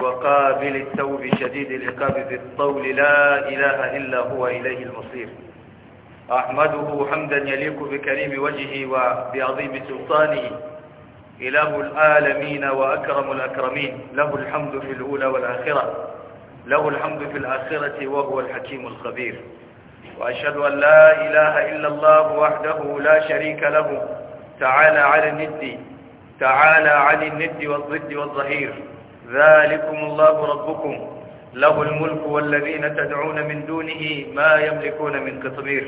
وقابل التوب شديد العقاب في الطول لا إله إلا هو إليه المصير أحمده حمدا يليق بكريم وجهه وبعظيم سلطانه إله العالمين وأكرم الأكرمين له الحمد في الأولى والآخرة له الحمد في الآخرة وهو الحكيم الخبير وأشهد أن لا إله إلا الله وحده لا شريك له تعالى على الند تعالى عن الند والضد والظهير ذلكم الله ربكم له الملك والذين تدعون من دونه ما يملكون من قطمير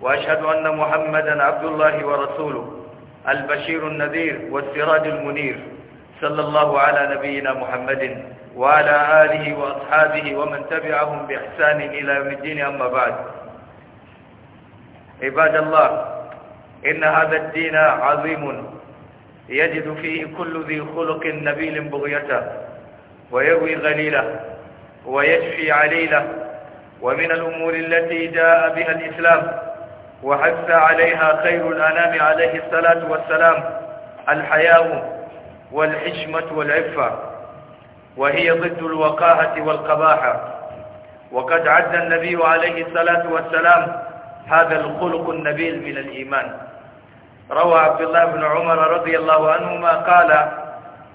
وأشهد أن محمدا عبد الله ورسوله البشير النذير والسراج المنير صلى الله على نبينا محمد وعلى آله وأصحابه ومن تبعهم بإحسان إلى يوم الدين أما بعد عباد الله إن هذا الدين عظيم يجد فيه كل ذي خلق نبيل بغيته ويروي غليله ويشفي عليله ومن الأمور التي جاء بها الإسلام وحث عليها خير الأنام عليه الصلاة والسلام الحياء والحشمة والعفة وهي ضد الوقاحة والقباحة وقد عد النبي عليه الصلاة والسلام هذا الخلق النبيل من الإيمان روى عبد الله بن عمر رضي الله عنهما قال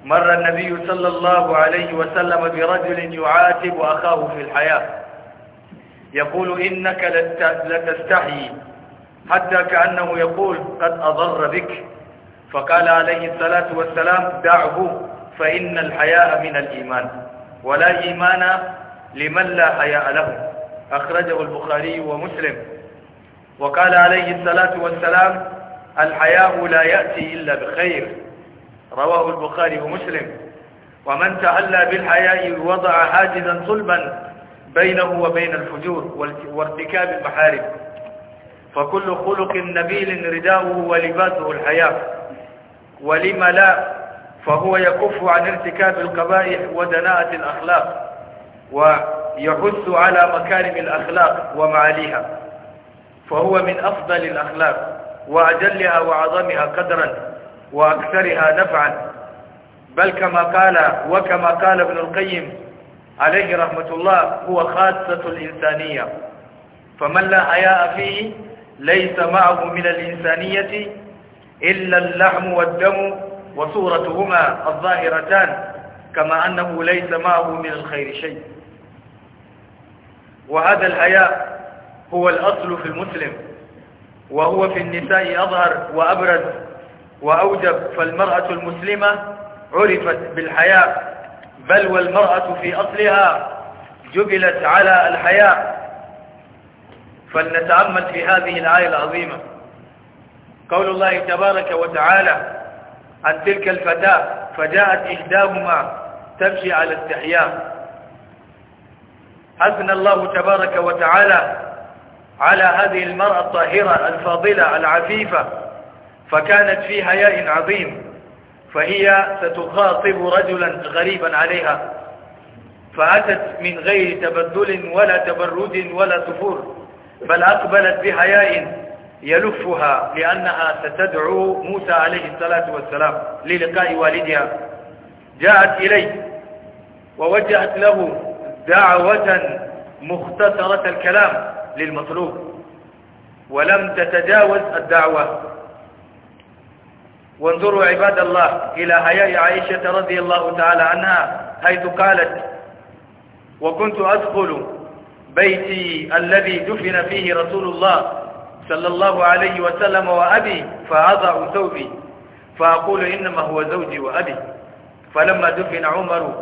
مر النبي صلى الله عليه وسلم برجل يعاتب أخاه في الحياة يقول إنك لتستحي حتى كأنه يقول قد أضر بك فقال عليه الصلاة والسلام دعه فإن الحياء من الإيمان ولا إيمان لمن لا حياء له أخرجه البخاري ومسلم وقال عليه الصلاة والسلام الحياء لا يأتي إلا بخير رواه البخاري ومسلم ومن تعلى بالحياء وضع حاجزا صلبا بينه وبين الفجور وارتكاب المحارم فكل خلق نبيل رداؤه ولباسه الحياء ولم لا فهو يكف عن ارتكاب القبائح ودناءة الأخلاق ويحث على مكارم الأخلاق ومعاليها فهو من أفضل الأخلاق وأجلها وعظمها قدرا وأكثرها نفعا بل كما قال وكما قال ابن القيم عليه رحمة الله هو خاصة الإنسانية فمن لا حياء فيه ليس معه من الإنسانية إلا اللحم والدم وصورتهما الظاهرتان كما أنه ليس معه من الخير شيء وهذا الحياء هو الأصل في المسلم وهو في النساء أظهر وأبرز وأوجب فالمرأة المسلمة عرفت بالحياء بل والمرأة في أصلها جبلت على الحياء فلنتأمل في هذه الآية العظيمة قول الله تبارك وتعالى عن تلك الفتاة فجاءت إحداهما تمشي على استحياء أثنى الله تبارك وتعالى على هذه المرأة الطاهرة الفاضلة العفيفة فكانت في حياء عظيم فهي ستخاطب رجلا غريبا عليها فأتت من غير تبدل ولا تبرد ولا تفور بل أقبلت بحياء يلفها لأنها ستدعو موسى عليه الصلاة والسلام للقاء والدها جاءت إليه ووجهت له دعوة مختصرة الكلام للمطلوب ولم تتجاوز الدعوة وانظروا عباد الله إلى حياء عائشة رضي الله تعالى عنها حيث قالت وكنت أدخل بيتي الذي دفن فيه رسول الله صلى الله عليه وسلم وأبي فأضع ثوبي فأقول إنما هو زوجي وأبي فلما دفن عمر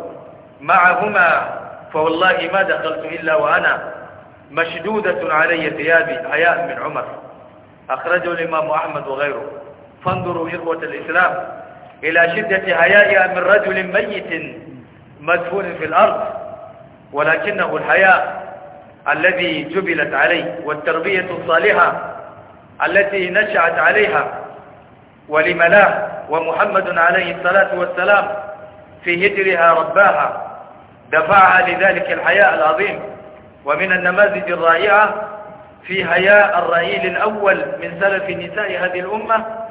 معهما فوالله ما دخلت إلا وأنا مشدودة علي ثيابي حياء من عمر أخرجه الإمام أحمد وغيره فانظروا إخوة الإسلام إلى شدة حيائها من رجل ميت مدفون في الأرض ولكنه الحياء الذي جبلت عليه والتربية الصالحة التي نشأت عليها ولملاه ومحمد عليه الصلاة والسلام في هجرها رباها دفعها لذلك الحياء العظيم ومن النماذج الرائعة في حياء الرئيل الأول من سلف نساء هذه الأمة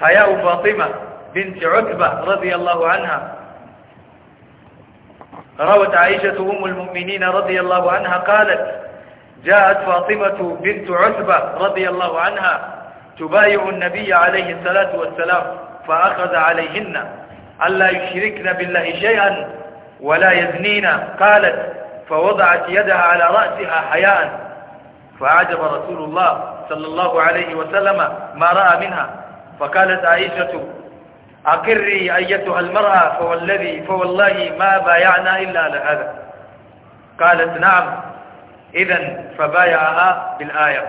حياء فاطمة بنت عتبة رضي الله عنها روت عائشة أم المؤمنين رضي الله عنها قالت جاءت فاطمة بنت عتبة رضي الله عنها تبايع النبي عليه الصلاة والسلام فأخذ عليهن ألا يشركن بالله شيئا ولا يذنين قالت فوضعت يدها على رأسها حياء فعجب رسول الله صلى الله عليه وسلم ما رأى منها فقالت عائشة أقري أيتها المرأة فوالذي فوالله ما بايعنا إلا لهذا قالت نعم إذا فبايعها بالآية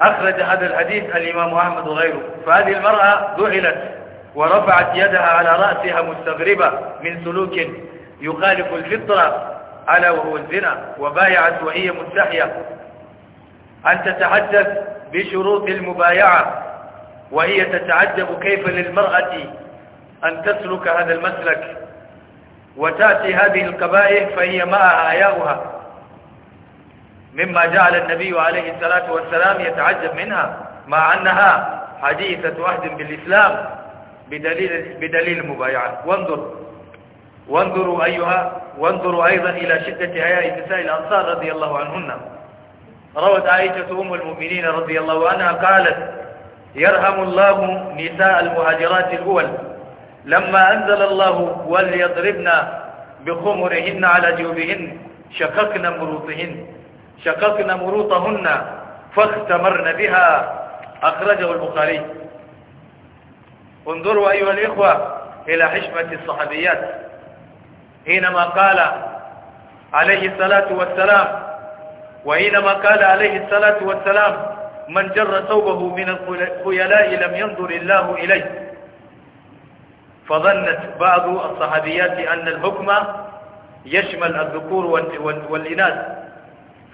أخرج هذا الحديث الإمام أحمد وغيره فهذه المرأة ذهلت ورفعت يدها على رأسها مستغربة من سلوك يخالف الفطرة على وهو الزنا وبايعت وهي مستحية أن تتحدث بشروط المبايعة وهي تتعجب كيف للمرأة أن تسلك هذا المسلك وتأتي هذه القبائل فهي معها آياؤها مما جعل النبي عليه الصلاة والسلام يتعجب منها مع أنها حديثة عهد بالإسلام بدليل, بدليل المبايعة وانظر وانظروا أيها وانظروا أيضا إلى شدة عياء نساء الأنصار رضي الله عنهن روت عائشة أم المؤمنين رضي الله عنها قالت يرحم الله نساء المهاجرات الأول لما أنزل الله وليضربن بخمرهن على جيوبهن شققن مروطهن شققن مروطهن فاختمرن بها أخرجه البخاري انظروا أيها الإخوة إلى حشمة الصحابيات حينما قال عليه الصلاة والسلام وإنما قال عليه الصلاة والسلام من جر ثوبه من الخيلاء لم ينظر الله إليه فظنت بعض الصحابيات أن الحكم يشمل الذكور والإناث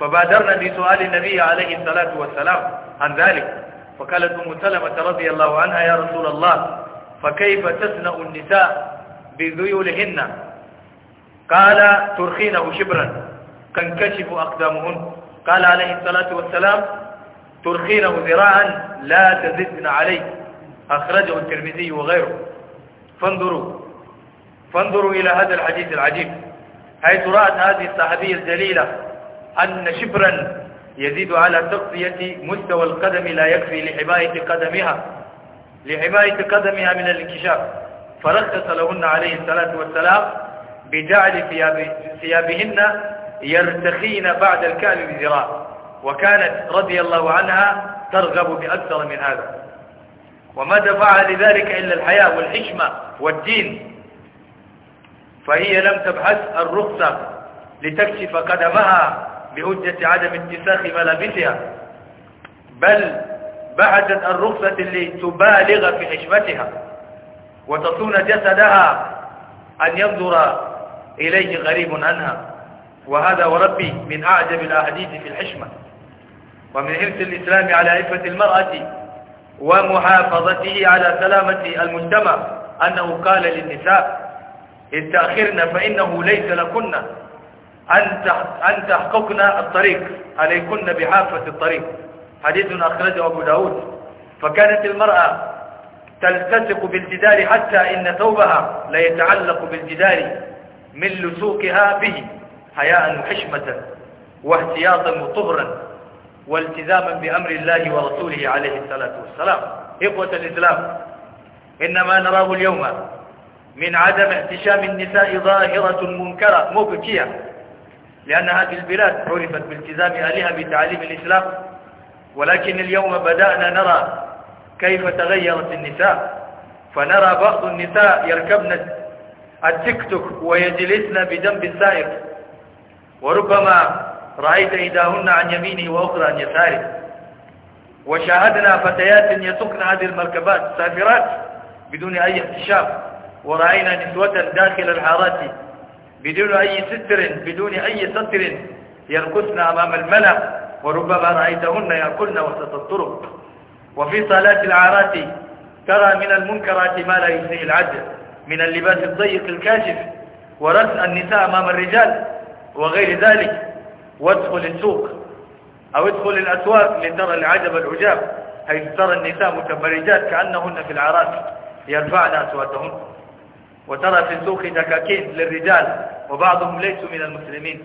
فبادرنا بسؤال النبي عليه الصلاة والسلام عن ذلك فقالت أم سلمة رضي الله عنها يا رسول الله فكيف تثنى النساء بذيولهن قال ترخينه شبرا تنكشف أقدامهن قال عليه الصلاة والسلام ترخينه ذراعا لا تزدن عليه أخرجه الترمذي وغيره فانظروا فانظروا إلى هذا الحديث العجيب حيث رأت هذه الصحابية الجليلة أن شبرا يزيد على تغطية مستوى القدم لا يكفي لحماية قدمها لحماية قدمها من الانكشاف فرخص لهن عليه الصلاة والسلام بجعل ثيابهن يرتخين بعد الكامل بذراع وكانت رضي الله عنها ترغب بأكثر من هذا وما دفعها لذلك إلا الحياة والحشمة والدين فهي لم تبحث الرخصة لتكشف قدمها بهجة عدم اتساخ ملابسها بل بحثت الرخصة لتبالغ في حشمتها وتصون جسدها أن ينظر إليه غريب عنها وهذا وربي من أعجب الأحاديث في الحشمة ومن حرص الإسلام على عفة المرأة ومحافظته على سلامة المجتمع أنه قال للنساء إن تأخرن فإنه ليس لكن أن تحققن الطريق عليكن بحافة الطريق حديث أخرجه أبو داود فكانت المرأة تلتصق بالجدار حتى إن ثوبها لا يتعلق بالجدار من لسوقها به حياء وحشمة واحتياطا وطهرا والتزاما بأمر الله ورسوله عليه الصلاة والسلام إخوة الإسلام إنما نراه اليوم من عدم احتشام النساء ظاهرة منكرة مبكية لأن هذه البلاد عرفت بالتزام أهلها بتعليم الإسلام ولكن اليوم بدأنا نرى كيف تغيرت النساء فنرى بعض النساء يركبن التيك توك ويجلسن بجنب السائق وربما رأيت إذاهن عن يميني وأخرى عن يساري وشاهدنا فتيات يسكن هذه المركبات سافرات بدون أي احتشام ورأينا نسوة داخل الحارات بدون أي ستر بدون أي ستر يرقصن أمام الملأ وربما رأيتهن يأكلن وسط الطرق وفي صلاة العارات ترى من المنكرات ما لا يسيء العدل من اللباس الضيق الكاشف ورأس النساء أمام الرجال وغير ذلك وادخل السوق أو ادخل الأسواق لترى العجب العجاب حيث ترى النساء متبرجات كأنهن في العراس يرفعن أسواتهن وترى في السوق دكاكين للرجال وبعضهم ليسوا من المسلمين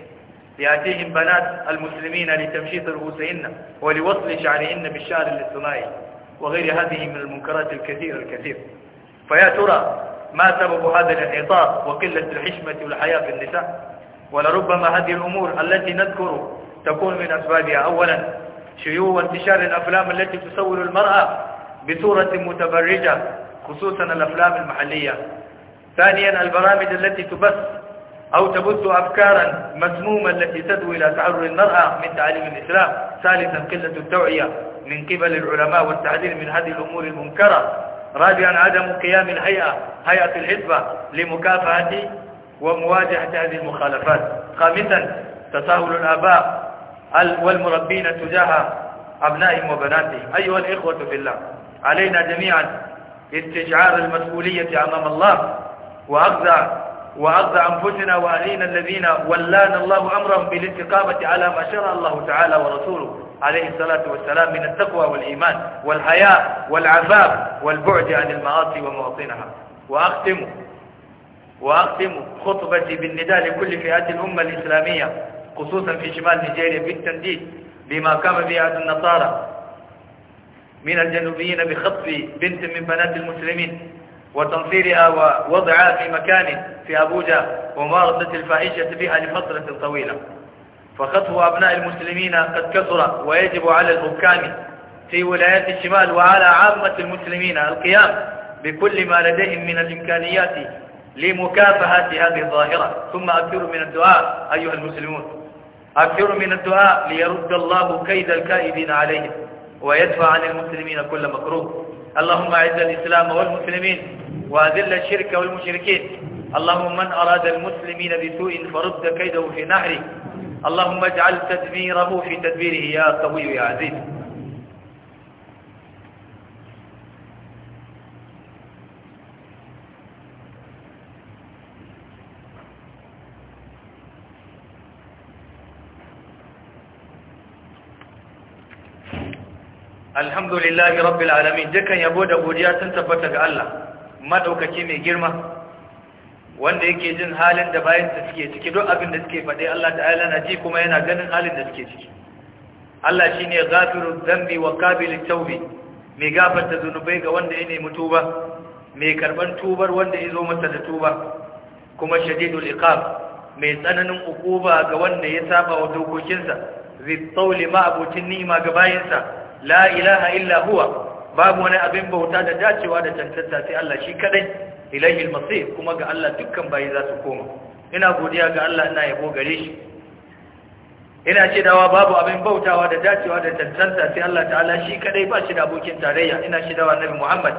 يأتيهم بنات المسلمين لتمشيط رؤوسهن ولوصل شعرهن بالشعر الاصطناعي وغير هذه من المنكرات الكثيرة الكثير فيا ترى ما سبب هذا الانحطاط وقلة الحشمة والحياة في النساء ولربما هذه الأمور التي نذكر تكون من أسبابها أولا شيوع وانتشار الأفلام التي تصور المرأة بصورة متبرجة خصوصا الأفلام المحلية ثانيا البرامج التي تبث أو تبث أفكارا مسمومة التي تدعو إلى تعرض المرأة من تعليم الإسلام ثالثا قلة التوعية من قبل العلماء والتعذير من هذه الأمور المنكرة رابعا عدم قيام الهيئة هيئة الحزبة لمكافحة ومواجهة هذه المخالفات خامسا تساهل الآباء والمربين تجاه أبنائهم وبناتهم أيها الإخوة في الله علينا جميعا استشعار المسؤولية أمام الله وأخذ وأخذ أنفسنا وأهلينا الذين ولانا الله أمرهم بالاستقامة على ما شرع الله تعالى ورسوله عليه الصلاة والسلام من التقوى والإيمان والحياء والعفاف والبعد عن المعاصي ومواطنها وأختم وأقدم خطبتي بالنداء لكل فئات الأمة الإسلامية خصوصا في شمال نيجيريا بالتنديد بما قام به أهل النصارى من الجنوبيين بخطف بنت من بنات المسلمين وتنصيرها ووضعها في مكان في أبوجا ومارسة الفاحشة بها لفترة طويلة فخطف أبناء المسلمين قد كثر ويجب على الحكام في ولايات الشمال وعلى عامة المسلمين القيام بكل ما لديهم من الإمكانيات لمكافحة هذه الظاهرة ثم أكثروا من الدعاء أيها المسلمون أكثروا من الدعاء ليرد الله كيد الكائدين عليهم ويدفع عن المسلمين كل مكروه اللهم أعز الإسلام والمسلمين وأذل الشرك والمشركين اللهم من أراد المسلمين بسوء فرد كيده في نحره اللهم اجعل تدميره في تدبيره يا قوي يا عزيز alhamdulillahi rabbil alamin dukan yabo da godiya sun tabbata ga Allah madaukaki mai girma wanda yake jin halin da bayan suke ciki duk abin da suke faɗe Allah ta'ala na ji kuma yana ganin halin da suke ciki Allah shine ghafirud dhanbi wa qabilut tawbi mai gafarta zunubai ga wanda ya nemi tuba mai karban tubar wanda ya zo masa da tuba kuma shadidul iqab mai tsananin ukuba ga wanda ya saba wa dokokinsa zai tsauli ma abokin ni'ima ga bayinsa la ilaha illa huwa babu wani abin bauta da dacewa da cancanta sai Allah shi kadai ilaihi al-masir kuma ga Allah dukkan bayi za su koma ina godiya ga Allah ina yabo gare shi ina ce dawa babu abin bautawa da dacewa da cancanta sai Allah ta'ala shi kadai ba shi da abokin tarayya ina shi dawa Nabi Muhammad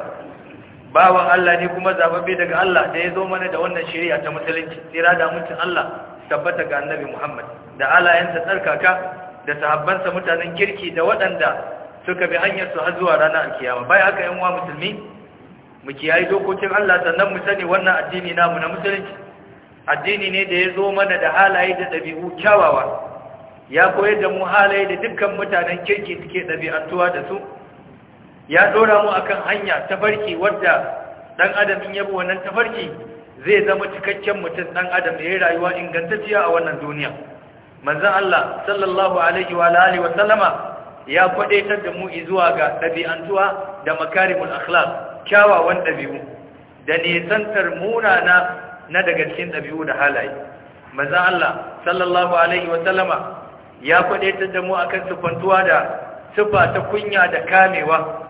bawan Allah ne kuma zababbe daga Allah da ya zo mana da wannan shari'a ta musulunci tsira da mutun Allah tabbata ga Annabi Muhammad da alayansa tsarkaka da sahabbansa mutanen kirki da waɗanda suka bi hanyar su har zuwa ranar alkiyama bai haka yan wa musulmi mu kiyaye dokokin Allah sannan mu sani wannan addini namu na musulunci addini ne da ya zo mana da halaye da ɗabi'u kyawawa ya koyar da mu halaye da dukkan mutanen kirki suke ɗabi'antuwa da su ya ɗora mu akan hanya tafarki wadda ɗan adam in yabo wannan tafarki zai zama cikakken mutum ɗan adam da ya rayuwa ingantacciya a wannan duniya manzon Allah sallallahu alaihi wa alihi wa sallama ya kwadaitar da mu zuwa ga ɗabi'antuwa da makarimul akhlaq kyawawan ɗabi'u da nisantar munana na daga cikin ɗabi'u da halaye Maza Allah sallallahu alaihi wa sallama ya kwadaitar da mu akan sufantuwa da sifa ta kunya da kamewa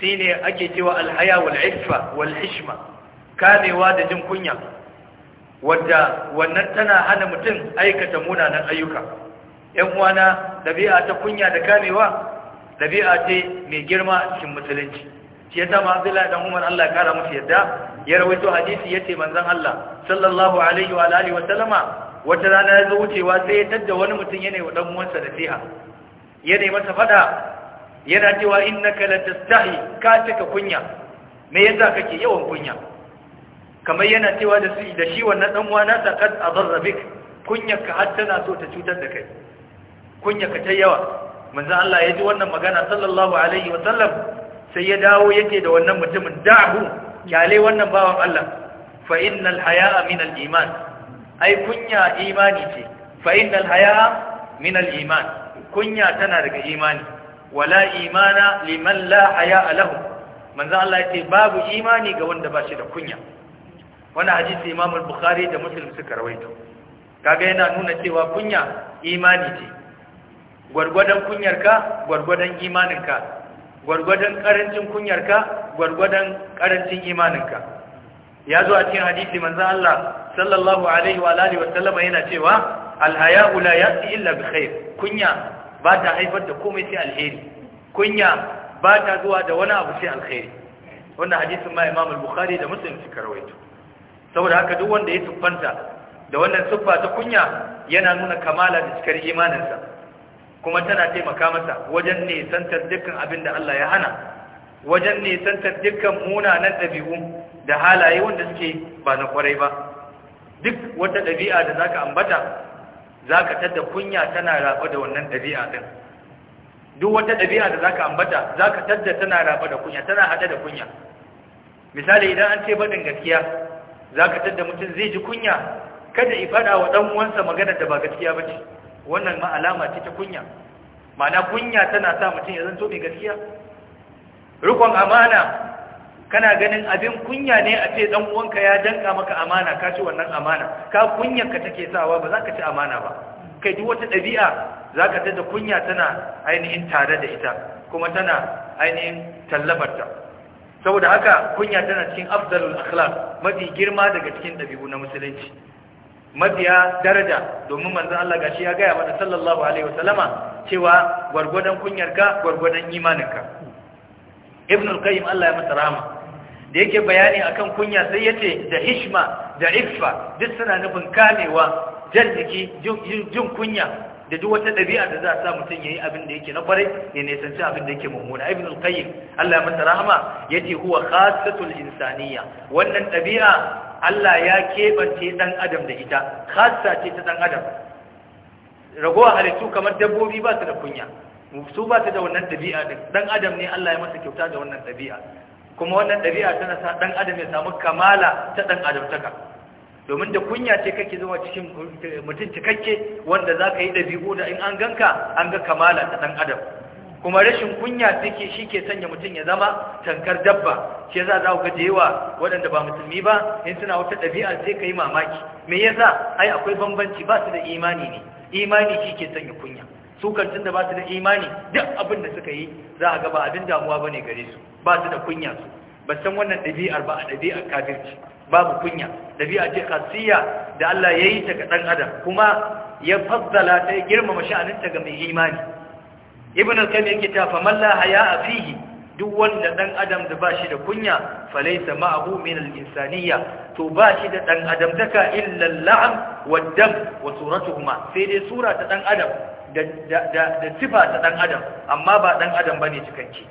shine ake cewa alhaya wal iffa wal hishma kamewa da jin kunya wadda wannan tana hana mutum aikata munanan ayyuka yan uwana dabi'a ta kunya da kamewa ɗabi'a ce mai girma cikin musulunci shi yasa ma Abdullahi dan Umar Allah ya kara musu yadda ya rawaito hadisi yace manzon Allah sallallahu alaihi wa alihi wa sallama wata rana ya zo wucewa sai ya tadda wani mutum yana wa dan uwansa nasiha yana masa faɗa yana cewa innaka latastahi ka cika kunya me yasa kake yawan kunya kamar yana cewa da shi da shi wannan dan uwa na taqad adarra bik kunyarka har tana so ta cutar da kai kunya ka ta yawa manzo Allah ya ji wannan magana sallallahu alaihi wa sallam sai ya dawo yake da wannan mutumin da'hu kyale wannan bawan Allah fa innal haya'a min al-iman ai kunya imani ce fa innal haya'a min al-iman kunya tana daga imani wala imana liman la haya'a lahu manzo Allah yace babu imani ga wanda ba shi da kunya wannan hadisi Imam al-Bukhari da Muslim suka rawaito kaga yana nuna cewa kunya imani ce gwargwadon kunyarka gwargwadon imaninka gwargwadon karancin kunyarka gwargwadon karancin imaninka ya zo a cikin hadisi manzo Allah sallallahu alaihi wa alihi yana cewa alhaya'u la ya'ti illa bi khair kunya ba ta haifar da komai sai alheri kunya ba ta zuwa da wani abu sai alheri wannan hadisin ma Imam bukhari da Muslim suka rawaito saboda haka duk wanda ya tuffanta da wannan siffa ta kunya yana nuna kamala da cikar imaninsa kuma tana taimaka masa wajen nisantar dukkan abin da Allah ya hana wajen nisantar dukkan munanan ɗabi'u da halaye wanda suke ba na kwarai ba duk wata ɗabi'a da zaka ambata zaka tada kunya tana raba da wannan ɗabi'a din duk wata ɗabi'a da zaka ambata zaka tada tana raba da kunya tana hada da kunya misali idan an ce baɗin gaskiya zaka tada mutum zai ji kunya kada i faɗa wa ɗan uwansa magana da ba gaskiya ba ce wannan ma alama ce ta kunya ma'ana kunya tana sa mutum ya zanto mai gaskiya rukun amana kana ganin abin kunya ne a ce dan uwanka ya danka maka amana ka ci wannan amana ka kunyar ka take sawa ba za ka ci amana ba kai duk wata ɗabi'a za ka tada kunya tana ainihin tare da ita kuma tana ainihin tallafarta saboda haka kunya tana cikin afdalul akhlaq mafi girma daga cikin ɗabi'u na musulunci mabiya daraja domin manzon Allah gashi ya gaya mana sallallahu alaihi wasallama cewa gwargwadon kunyarka gwargwadon imaninka ibn al-qayyim Allah ya masa rahama da yake bayani akan kunya sai yace da hishma da iffa duk suna nufin kamewa jan jiki jin kunya da duk wata ɗabi'a da za a sa mutum yayi abin da yake na kwarai ya nisanci abin da yake mummuna ibn al-qayyim Allah ya masa rahama yace huwa khassatul insaniyya wannan ɗabi'a Allah ya keɓance ɗan adam da ita khassa ce ta ɗan adam ragowa halittu kamar dabbobi ba su da kunya su ba su da wannan ɗabi'a ɗin ɗan adam ne Allah ya masa kyauta da wannan ɗabi'a kuma wannan ɗabi'a tana sa ɗan adam ya samu kamala ta ɗan adam taka domin da kunya ce kake zama cikin mutum cikakke wanda za ka yi ɗabi'u da in an ganka an ga kamala ta ɗan adam kuma rashin kunya take shi ke sanya mutum ya zama tankar dabba shi yasa za ku ga da waɗanda ba musulmi ba in suna wata ɗabi'a sai ka yi mamaki me yasa ai akwai bambanci ba su da imani ne imani shi ke sanya kunya su kan da ba su da imani duk abin da suka yi za a ga ba abin damuwa ba ne gare su ba su da kunya su ba san wannan ɗabi'ar ba a ɗabi'ar kafirci babu kunya ɗabi'a ce kasiya da Allah ya yi ta ga ɗan adam kuma ya faddala ta girmama sha'aninta ga mai imani ibn al-qayyim yake ta faman la haya fihi duk wanda dan adam da bashi da kunya falaysa ma'ahu min al-insaniyya to bashi da dan adam taka illa al-la'am wad-dam wa suratuhuma sai dai sura ta dan adam da da da sifa ta dan adam amma ba dan adam bane cikakke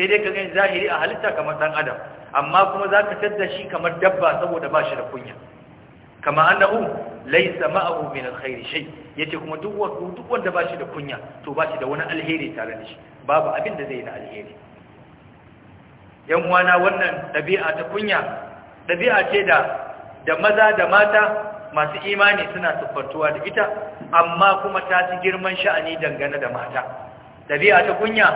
sai dai ka gani zahiri a halitta kamar dan adam amma kuma zaka tadda shi kamar dabba saboda bashi da kunya kama annahu laysa ma'ahu min alkhairi shay yace kuma duk wanda duk wanda bashi da kunya to bashi da wani alheri tare da shi babu abin da zai na alheri yan uwana wannan dabi'a ta kunya dabi'a ce da da maza da mata masu imani suna siffantuwa da ita amma kuma ta fi girman sha'ani dangane da mata dabi'a ta kunya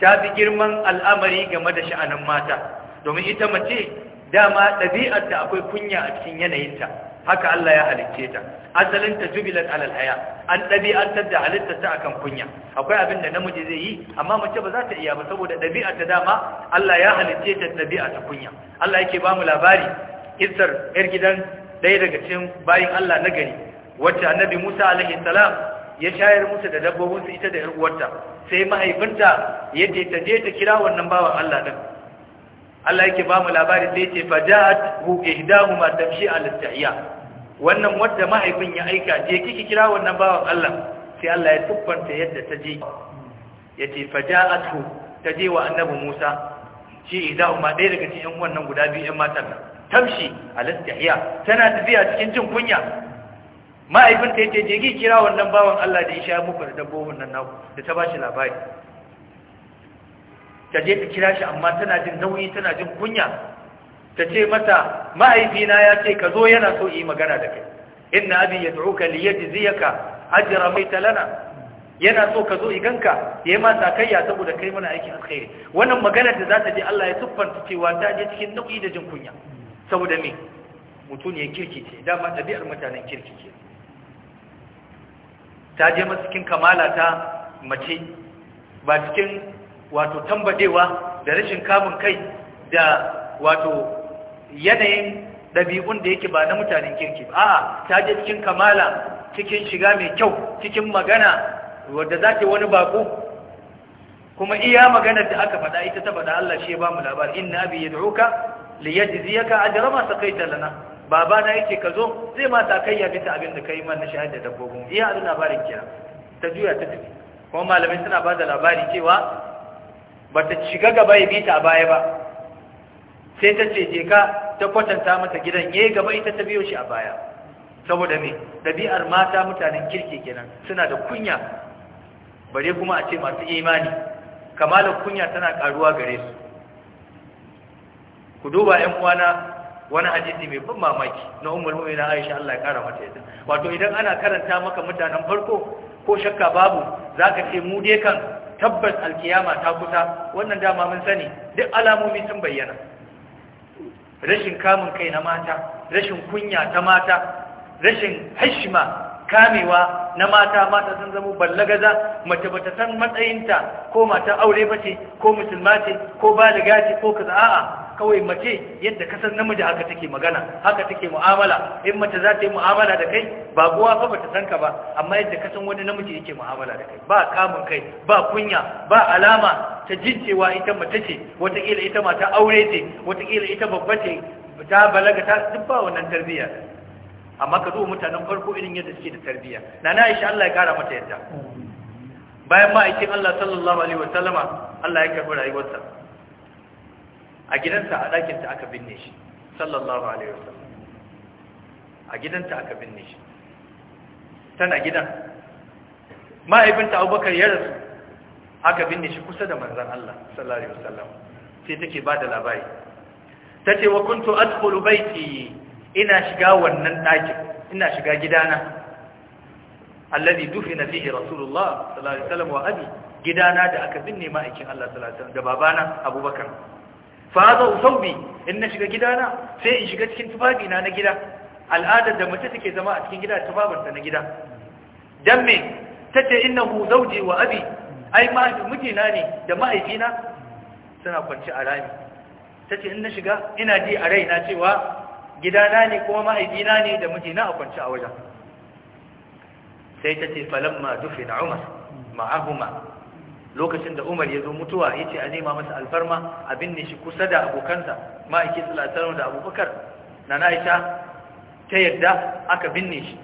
ta fi girman al'amari game da sha'anin mata domin ita mace dama da akwai kunya a cikin yanayinta haka Allah ya halicce ta asalin ta jubilat alal haya an ɗabi'antar da halitta ta akan kunya akwai abin da namiji zai yi amma mace ba za ta iya ba saboda ɗabi'a ta dama Allah ya halicce ta ɗabi'a ta kunya Allah yake ba mu labari kissar yar gidan ɗaya daga cikin bayin Allah na gari wacce annabi Musa alaihi salam ya shayar musu da dabbobinsu ita da ‘yar uwarta sai mahaifinta ya je ta je ta kira wannan bawan Allah din Allah yake ba mu labari sai ce faja'at hu ihdahuma tamshi al-istihya wannan wadda mahaifin ya aika je kiki kira wannan bawan Allah sai Allah ya tuffanta yadda ta je yace faja'atu ta je wa annabi Musa shi idan umma ɗaya daga cikin wannan guda biyu ɗin matan nan tamshi alastihya tana tafiya cikin jin kunya Mahaifinta ta yace je ki kira wannan bawan Allah da ya sha muku da dabbobin nan naku da ta bashi labari ta je ta kira shi amma tana jin nauyi tana jin kunya ta ce mata mahaifina ya ce ka zo yana so yi magana da kai inna abi yad'uka liyajziyaka ajiyar mai talana yana so ka zo iganka yayi ma zakayya saboda kai mana aikin alkhairi wannan magana da za ta je Allah ya tuffanta cewa ta je cikin nau'i da jin kunya saboda me mutum ya kirki ce dama ɗabi'ar mutanen kirki ce ta je masu cikin kamala ta mace ba cikin wato tambadewa da rashin kamun kai da wato yanayin ɗabi'un da yake ba na mutanen kirki ba a'a ta je cikin kamala cikin shiga mai kyau cikin magana wadda za ta wani baƙo kuma iya maganar da aka faɗa ita ta faɗa Allah shi ya ba mu labari inna abi yad'uka liyajziyaka ajra ma saqaita lana baba na yake ka zo zai ma ya bisa abin da kai mana shahada dabbobin iya abin labarin kira ta juya ta tafi kuma malamai suna ba da labari cewa bata shiga gaba ya bita a baya ba sai ta ce ka ta kwatanta mata gidan ya gaba ita ta biyo shi a baya saboda me ɗabi'ar mata mutanen kirki kenan suna da kunya bare kuma a ce masu imani kamalar kunya tana karuwa gare su ku duba ƴan uwana wani hadisi mai ban mamaki na umar ummul na Aisha Allah ya kara mata yadda wato idan ana karanta maka mutanen farko ko shakka babu za ka ce mu dai tabbas alkiyama ta kusa wannan dama mun sani duk alamomi sun bayyana rashin kamun kai na mata rashin kunya ta mata rashin hashima kamewa na mata mata sun zama ballagaza mace bata san matsayinta ko mata aure bace ko musulma ce ko da ce ko kaza a'a kawai mace yadda kasar namiji haka take magana haka take mu'amala in mace za ta yi mu'amala da kai ba kowa fa bata san ka ba amma yadda kasan wani namiji yake mu'amala da kai ba kamun kai ba kunya ba alama ta jincewa ita mace ce wataƙila ita mata aure ce wataƙila ita babba ce ta balaga ta duk ba wannan tarbiyya amma ka zo mutanen farko irin yadda suke da tarbiyya na Aisha Allah ya kara mata yadda bayan ma'aikin Allah sallallahu alaihi wasallama Allah ya karbi rayuwarsa a gidansa a ɗakinta aka binne shi sallallahu alaihi wasallam a gidanta aka binne shi tana gidan mahaifinta abubakar ya rasu aka binne shi kusa da manzan Allah sallallahu alaihi wasallam sai take ba da labari Ta ce wa kuntu adkhulu baiti ina shiga wannan ɗakin ina shiga gidana alladhi dufina fihi rasulullah sallallahu alaihi wasallam wa abi gidana da aka binne ma'aikin Allah sallallahu alaihi wasallam da babana abubakar fa zau in na shiga gidana sai in shiga cikin tufafi na na gida al'adar da mace take zama a cikin gida tufafinta na gida dan me tace innahu zawji wa abi ai ma mijina ne da mahaifina suna kwanci a rami tace in na shiga ina ji a raina cewa gidana ne kuma mahaifina ne da mijina a kwanci a wajen sai tace falamma dufina umar ma'ahuma lokacin da Umar ya zo mutuwa ce a nema masa alfarma a binne shi kusa da abokansa ma'aikin sallallahu da Abubakar na Aisha ta yadda aka binne shi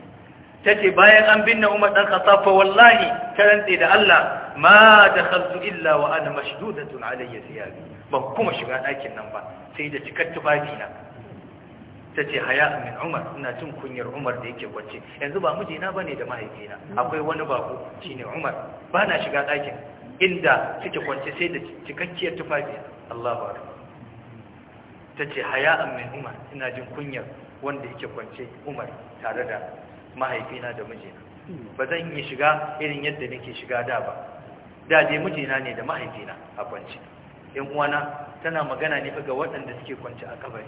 tace bayan an binne Umar dan Khattab fa wallahi karante da Allah ma dakhaltu illa wa ana mashdudatun alayya thiyabi ban kuma shiga ɗakin nan ba sai da cikar tufafi na ta ce haya min umar ina jin kunyar umar da yake kwance yanzu ba mijina ba ne da mahaifina akwai wani bako shine umar bana shiga ɗakin inda suke kwance sai da cikakkiyar tufafi Allahu Ta ce haya min umar ina jin kunyar wanda yake kwance umar tare da mahaifina da mijina ba zan iya shiga irin yadda nake shiga da ba da dai mijina ne da mahaifina a kwance yan uwana tana magana ne ga waɗanda suke kwance a kabari